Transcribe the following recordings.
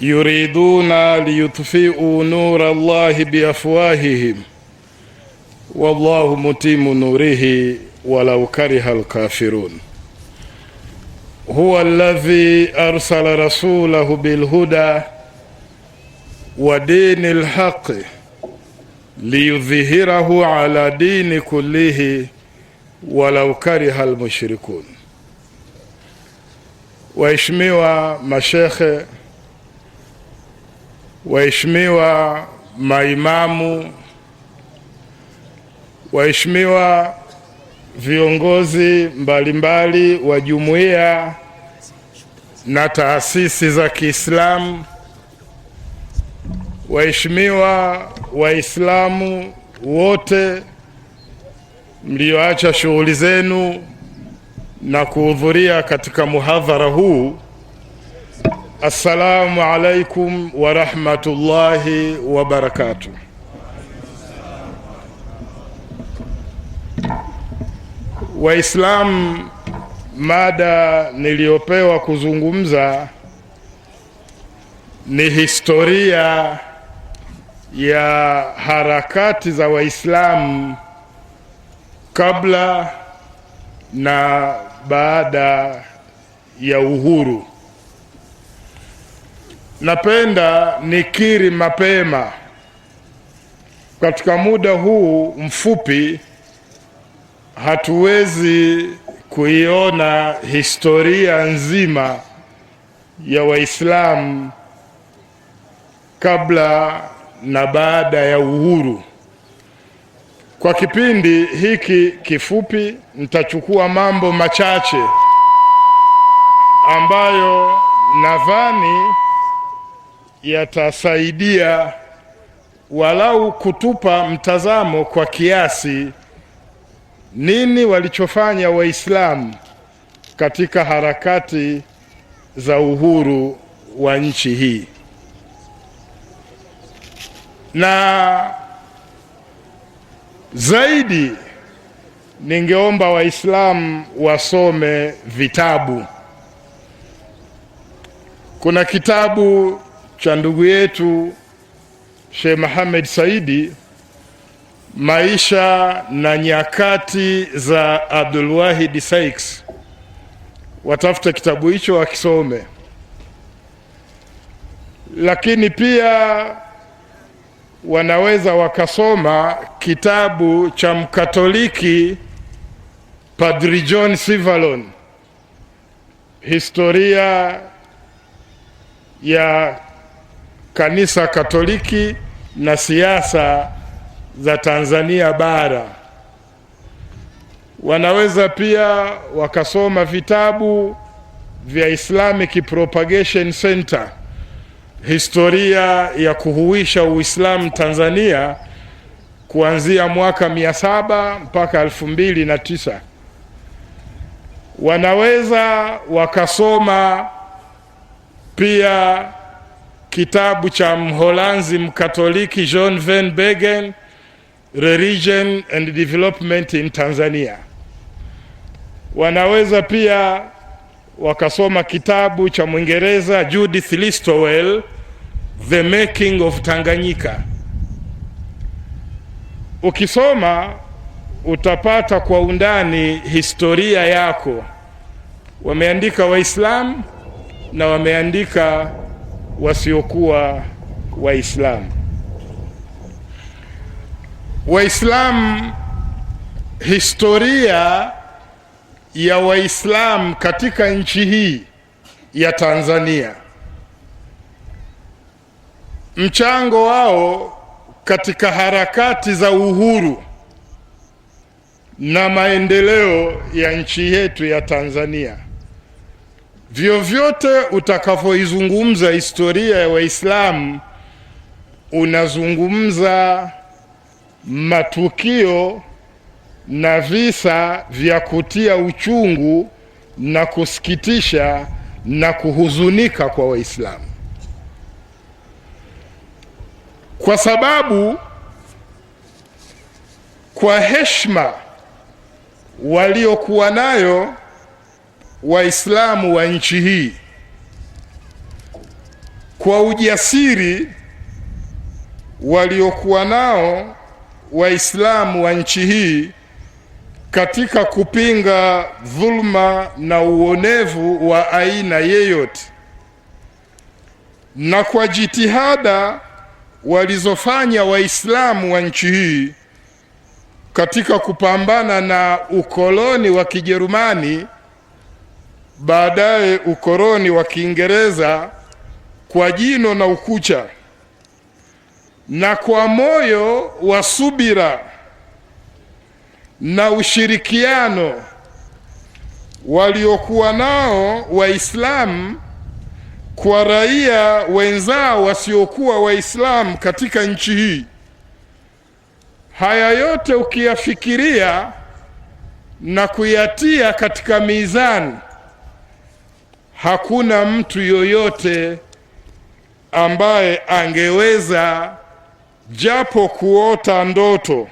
يريدون ليطفئوا نور الله بأفواههم والله متيم نوره ولو كره الكافرون هو الذي أرسل رسوله بالهدى ودين الحق ليظهره على دين كله ولو كره المشركون waheshimiwa mashekhe Waheshimiwa maimamu, waheshimiwa viongozi mbalimbali wa jumuiya na taasisi za Kiislamu, waheshimiwa Waislamu wote mlioacha shughuli zenu na kuhudhuria katika muhadhara huu Assalamu alaikum warahmatullahi wabarakatuh. Waislamu, mada niliyopewa kuzungumza ni historia ya harakati za Waislamu kabla na baada ya uhuru. Napenda nikiri mapema katika muda huu mfupi, hatuwezi kuiona historia nzima ya Waislamu kabla na baada ya uhuru. Kwa kipindi hiki kifupi, nitachukua mambo machache ambayo nadhani yatasaidia walau kutupa mtazamo kwa kiasi nini walichofanya Waislamu katika harakati za uhuru wa nchi hii. Na zaidi ningeomba Waislamu wasome vitabu. Kuna kitabu cha ndugu yetu Sheikh Mohamed Saidi, maisha na nyakati za Abdul Wahid Sykes. Watafute kitabu hicho wakisome, lakini pia wanaweza wakasoma kitabu cha Mkatoliki Padri John Sivalon, historia ya kanisa Katoliki na siasa za Tanzania bara. Wanaweza pia wakasoma vitabu vya Islamic Propagation Center, historia ya kuhuisha Uislamu Tanzania kuanzia mwaka mia saba mpaka elfu mbili na tisa. Wanaweza wakasoma pia kitabu cha Mholanzi Mkatoliki John Van Begen, Religion and Development in Tanzania. Wanaweza pia wakasoma kitabu cha Mwingereza Judith Listowel, The Making of Tanganyika. Ukisoma utapata kwa undani historia yako. Wameandika Waislamu na wameandika wasiokuwa Waislamu. Waislamu, historia ya Waislamu katika nchi hii ya Tanzania, mchango wao katika harakati za uhuru na maendeleo ya nchi yetu ya Tanzania Vyovyote utakavyoizungumza historia ya Waislamu, unazungumza matukio na visa vya kutia uchungu na kusikitisha na kuhuzunika kwa Waislamu, kwa sababu kwa heshima waliokuwa nayo Waislamu wa nchi hii kwa ujasiri waliokuwa nao Waislamu wa nchi hii katika kupinga dhulma na uonevu wa aina yeyote, na kwa jitihada walizofanya Waislamu wa nchi hii katika kupambana na ukoloni wa Kijerumani baadaye ukoloni wa Kiingereza kwa jino na ukucha, na kwa moyo wa subira na ushirikiano waliokuwa nao Waislamu kwa raia wenzao wasiokuwa Waislamu katika nchi hii. Haya yote ukiyafikiria na kuyatia katika mizani hakuna mtu yoyote ambaye angeweza japo kuota ndoto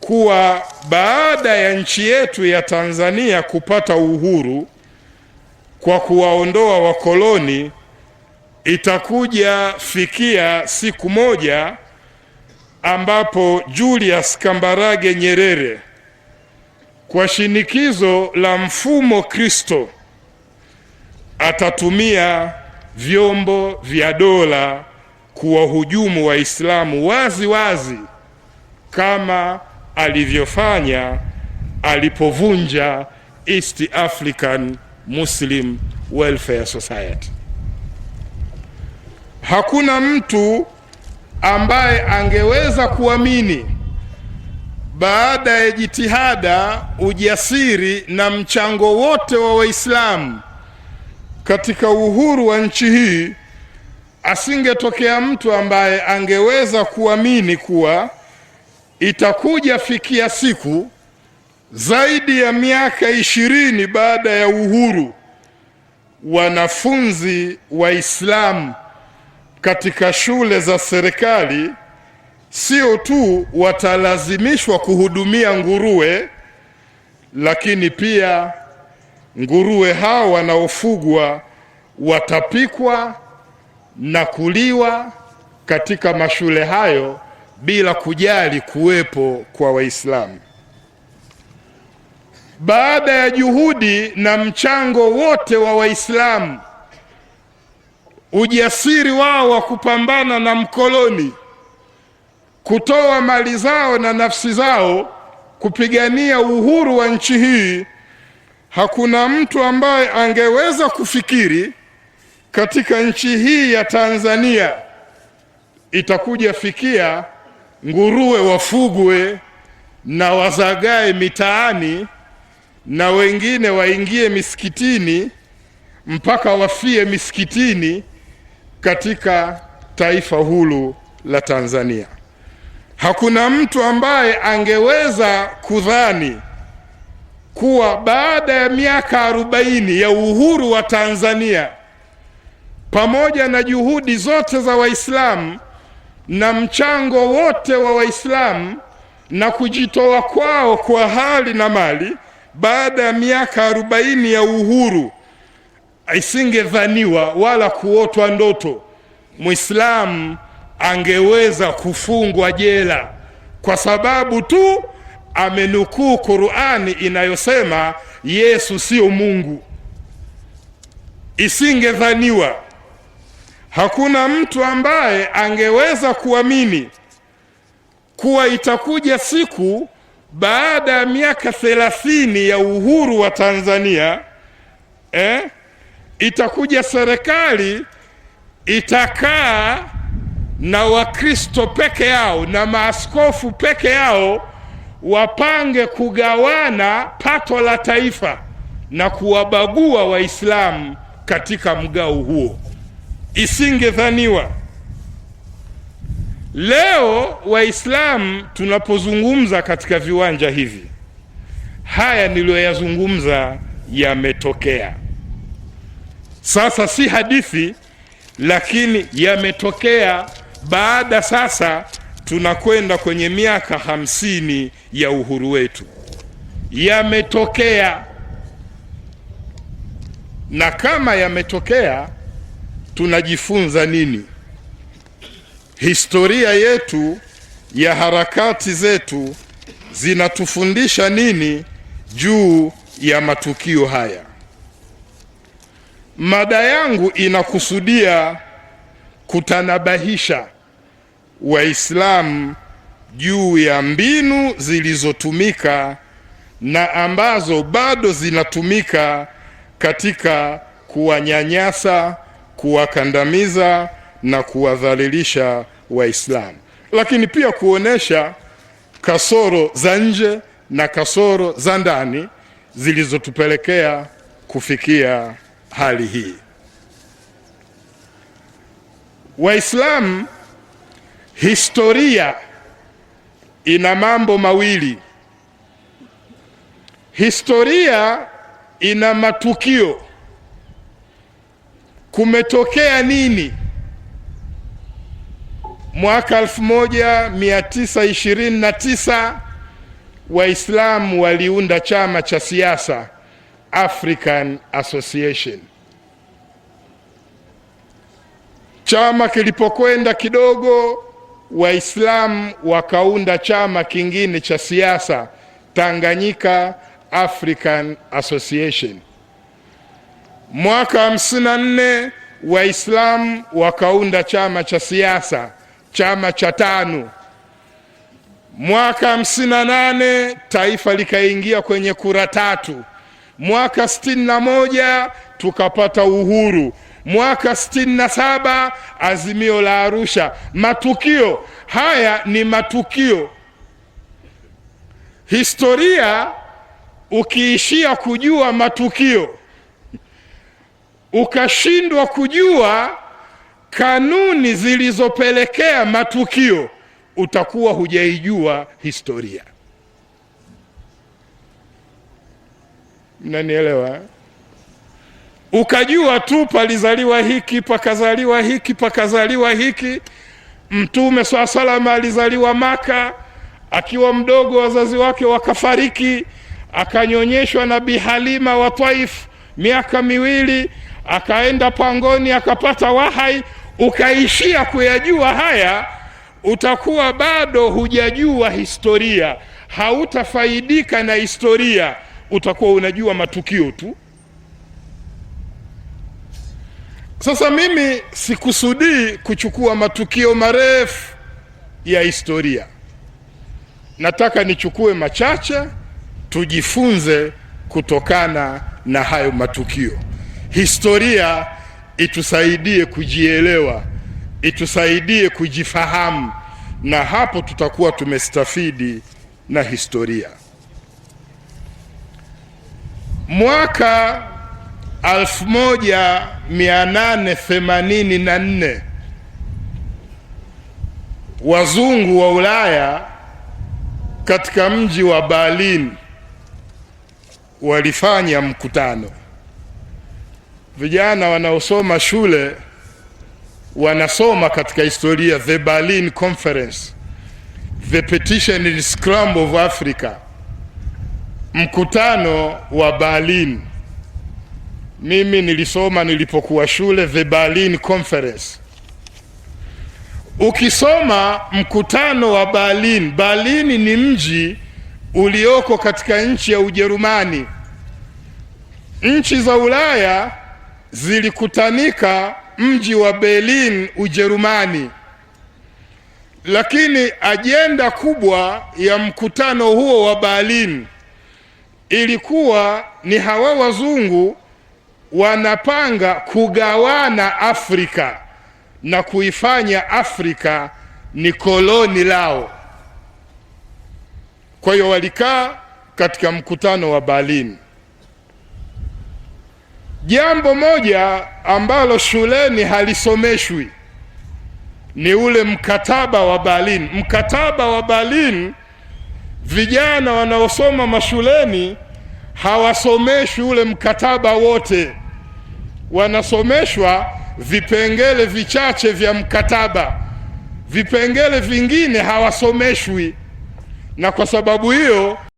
kuwa baada ya nchi yetu ya Tanzania kupata uhuru kwa kuwaondoa wakoloni, itakuja fikia siku moja ambapo Julius Kambarage Nyerere kwa shinikizo la mfumo Kristo atatumia vyombo vya dola kuwahujumu Waislamu wazi wazi kama alivyofanya alipovunja East African Muslim Welfare Society. Hakuna mtu ambaye angeweza kuamini baada ya jitihada, ujasiri na mchango wote wa Waislamu katika uhuru wa nchi hii asingetokea mtu ambaye angeweza kuamini kuwa itakuja fikia siku zaidi ya miaka ishirini baada ya uhuru, wanafunzi Waislamu katika shule za serikali sio tu watalazimishwa kuhudumia nguruwe, lakini pia Nguruwe hao wanaofugwa watapikwa na kuliwa katika mashule hayo bila kujali kuwepo kwa Waislamu. Baada ya juhudi na mchango wote wa Waislamu, ujasiri wao wa kupambana na mkoloni, kutoa mali zao na nafsi zao kupigania uhuru wa nchi hii Hakuna mtu ambaye angeweza kufikiri katika nchi hii ya Tanzania itakuja fikia nguruwe wafugwe na wazagae mitaani na wengine waingie misikitini mpaka wafie misikitini katika taifa huru la Tanzania. Hakuna mtu ambaye angeweza kudhani kuwa baada ya miaka arobaini ya uhuru wa Tanzania, pamoja na juhudi zote za Waislamu na mchango wote wa Waislamu na kujitoa kwao kwa hali na mali, baada ya miaka arobaini ya uhuru, isingedhaniwa wala kuotwa ndoto Muislamu angeweza kufungwa jela kwa sababu tu amenukuu Qurani inayosema Yesu sio Mungu. Isingedhaniwa hakuna mtu ambaye angeweza kuamini kuwa itakuja siku baada ya miaka thelathini ya uhuru wa Tanzania eh, itakuja serikali itakaa na Wakristo peke yao na maaskofu peke yao wapange kugawana pato la taifa na kuwabagua Waislamu katika mgao huo. Isingedhaniwa leo Waislamu tunapozungumza katika viwanja hivi, haya niliyoyazungumza yametokea. Sasa si hadithi, lakini yametokea baada sasa tunakwenda kwenye miaka hamsini ya uhuru wetu. Yametokea, na kama yametokea tunajifunza nini? Historia yetu ya harakati zetu zinatufundisha nini juu ya matukio haya? Mada yangu inakusudia kutanabahisha Waislamu juu ya mbinu zilizotumika na ambazo bado zinatumika katika kuwanyanyasa, kuwakandamiza na kuwadhalilisha Waislamu, lakini pia kuonesha kasoro za nje na kasoro za ndani zilizotupelekea kufikia hali hii. Waislamu Historia ina mambo mawili. Historia ina matukio, kumetokea nini mwaka 1929 Waislamu waliunda chama cha siasa African Association. Chama kilipokwenda kidogo Waislamu wakaunda chama kingine cha siasa Tanganyika African Association. Mwaka 54 nne Waislamu wakaunda chama cha siasa chama cha tano Mwaka 58 nane taifa likaingia kwenye kura tatu. Mwaka 61 tukapata uhuru mwaka 67 azimio la Arusha. Matukio haya ni matukio. Historia ukiishia kujua matukio ukashindwa kujua kanuni zilizopelekea matukio, utakuwa hujaijua historia. Mnanielewa? Eh? ukajua tu palizaliwa hiki pakazaliwa hiki pakazaliwa hiki. Mtume swalla salam alizaliwa Maka, akiwa mdogo wazazi wake wakafariki, akanyonyeshwa na Bi Halima wa Taif miaka miwili, akaenda pangoni akapata wahai. Ukaishia kuyajua haya, utakuwa bado hujajua historia, hautafaidika na historia, utakuwa unajua matukio tu. Sasa mimi sikusudii kuchukua matukio marefu ya historia, nataka nichukue machache tujifunze kutokana na hayo matukio. Historia itusaidie kujielewa, itusaidie kujifahamu, na hapo tutakuwa tumestafidi na historia. Mwaka 1884 wazungu wa Ulaya katika mji wa Berlin walifanya mkutano. Vijana wanaosoma shule wanasoma katika historia the Berlin Conference, the petition and scramble of Africa, mkutano wa Berlin mimi nilisoma nilipokuwa shule the Berlin Conference. Ukisoma mkutano wa Berlin, Berlin ni mji ulioko katika nchi ya Ujerumani. Nchi za Ulaya zilikutanika mji wa Berlin, Ujerumani. Lakini ajenda kubwa ya mkutano huo wa Berlin ilikuwa ni hawa wazungu wanapanga kugawana Afrika na kuifanya Afrika ni koloni lao. Kwa hiyo walikaa katika mkutano wa Berlin. Jambo moja ambalo shuleni halisomeshwi ni ule mkataba wa Berlin. Mkataba wa Berlin, vijana wanaosoma mashuleni hawasomeshwi ule mkataba wote wanasomeshwa vipengele vichache vya mkataba, vipengele vingine hawasomeshwi, na kwa sababu hiyo